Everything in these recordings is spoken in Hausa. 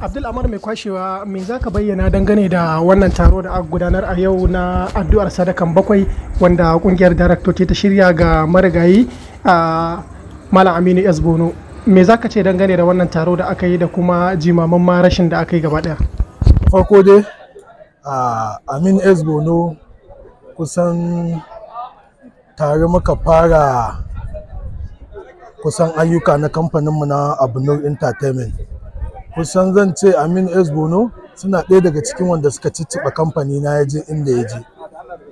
abdul amar mai kwashewa me za ka bayyana dangane da wannan taro da aka gudanar a yau na addu'ar sadakan bakwai wanda kungiyar daraktoci ta shirya ga marigayi a malam aminu s me za ka ce dangane da wannan taro da aka yi da kuma jimaman ma rashin da aka yi gaba daya farko dai amin s bono kusan tare muka fara kusan ayyuka na kamfaninmu na abunur entertainment kusan zan ce Aminu S. Bono suna ɗaya daga cikin wanda suka cicciɓa kamfani na ya je inda ya je.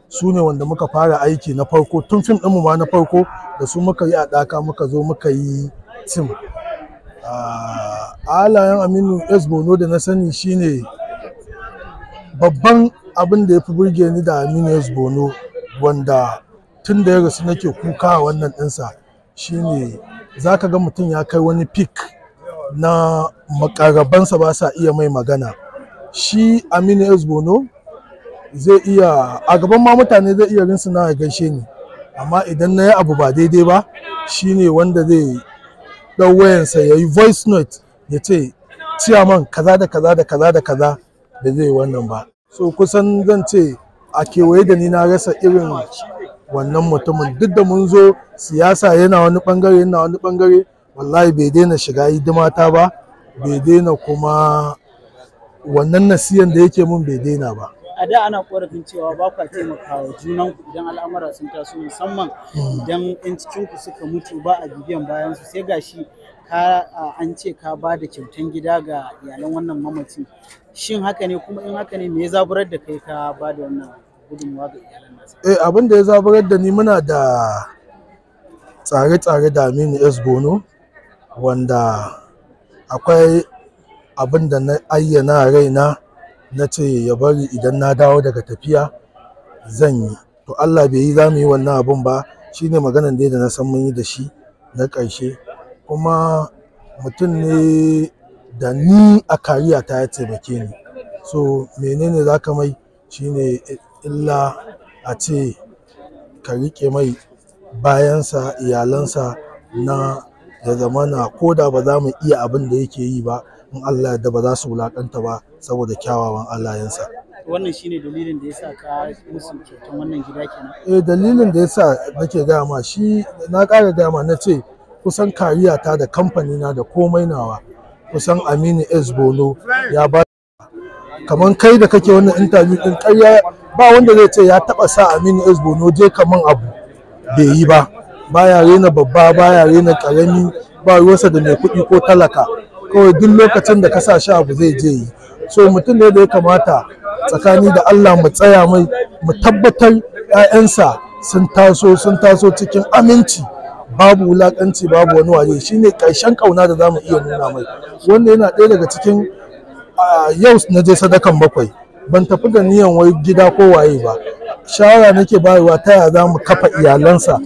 Su ne wanda muka fara aiki na farko tun fim ɗinmu ma na farko da su muka yi a ɗaka muka zo muka yi tim. A ah, halayen Aminu S. Bono da na sani shine babban abin da ya fi burge ni da Aminu S. Bono wanda tun da ya rasu nake kuka wannan ɗinsa shine za ka ga mutum ya kai wani peak na makarabansa ba sa iya mai magana shi aminu esbono zai iya a gaban ma mutane zai iya rinsu na gaishe ni amma idan na yi abu ba daidai ba shi ne wanda zai ɗau wayansa ya yi voice note ya ce ciyaman kaza da kaza da kaza da kaza da zai wannan ba so kusan zan ce a kewaye da ni na rasa irin wannan mutumin duk da mun zo siyasa yana wani bangare yana wani bangare wallahi bai daina shiga hidimata ba bai daina kuma wannan nasiyan da yake mun bai daina ba a da ana korafin cewa ba kwa taimakawa junan idan al'amura sun taso musamman hmm. idan yan cikin ku suka mutu ba a bibiyan bayan su sai gashi ka an ce ka ba da kyautan gida ga iyalan wannan mamaci shin haka ne kuma in haka ne me ya zaburar da kai ka ba da wannan gudunmuwa ga iyalan nasu eh abin da ya zaburar da ni muna da tsare-tsare da Aminu S wanda akwai abin da na ayyana raina na ce ya bari idan na dawo daga tafiya zan yi to Allah bai yi za mu yi wannan abun ba Shi ne maganan da na san mun yi da shi na ƙarshe kuma mutum ne da ni a kariya ta ya taimake ni so menene za ka mai ne illa a ce ka riƙe mai bayansa iyalansa na Da zamana ko da ba za mu iya abin da yake yi ba in Allah da ba za su wulakanta ba saboda kyawawan alayensa wannan ne dalilin da ya sa ka musu kyautan wannan gida kenan eh dalilin da sa nake gaya ma shi na ƙara dama na ce kusan kariyata da kamfani na da komai nawa kusan Aminu S Bolo ya ba kamar kai da kake wannan interview din ƙarya ba wanda zai ce ya taba sa Aminu S Bolo, je kaman abu bai yi ba baya rena babba baya rena karami ba ruwansa da mai kuɗi ko talaka kawai duk lokacin da ka sa shi abu zai je yi so mutum ne da ya kamata tsakani da Allah mu tsaya mai mu tabbatar 'ya'yansa sun taso sun taso cikin aminci babu wulakanci babu wani waje shine ƙarshen ƙauna da za mu iya nuna mai wanda yana ɗaya daga cikin yau na je sadakan bakwai ban tafi da niyan wai gida ko waye ba shawara nake bayarwa ta ya za mu kafa iyalansa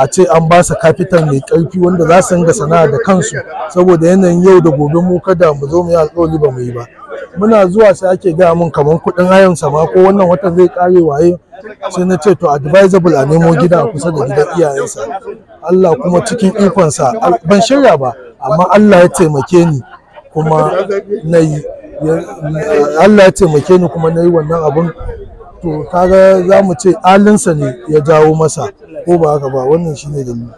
a ce an ba su kafitan mai ƙarfi wanda za su ringa sana'a da kansu saboda yanayin yau da gobe mu kada mu zo mu yi alƙawari ba mu yi ba muna zuwa sai ake gaya mun kamar kuɗin hayan ma ko wannan watan zai kare waye sai na ce to advisable a nemo gida a kusa da gidan iyayensa Allah kuma cikin ikonsa ban shirya ba amma Allah ya taimake ni kuma na Allah ya taimake ni kuma na yi wannan abun to kaga za mu ce alinsa ne ya jawo masa ko ba haka ba wannan shine dalili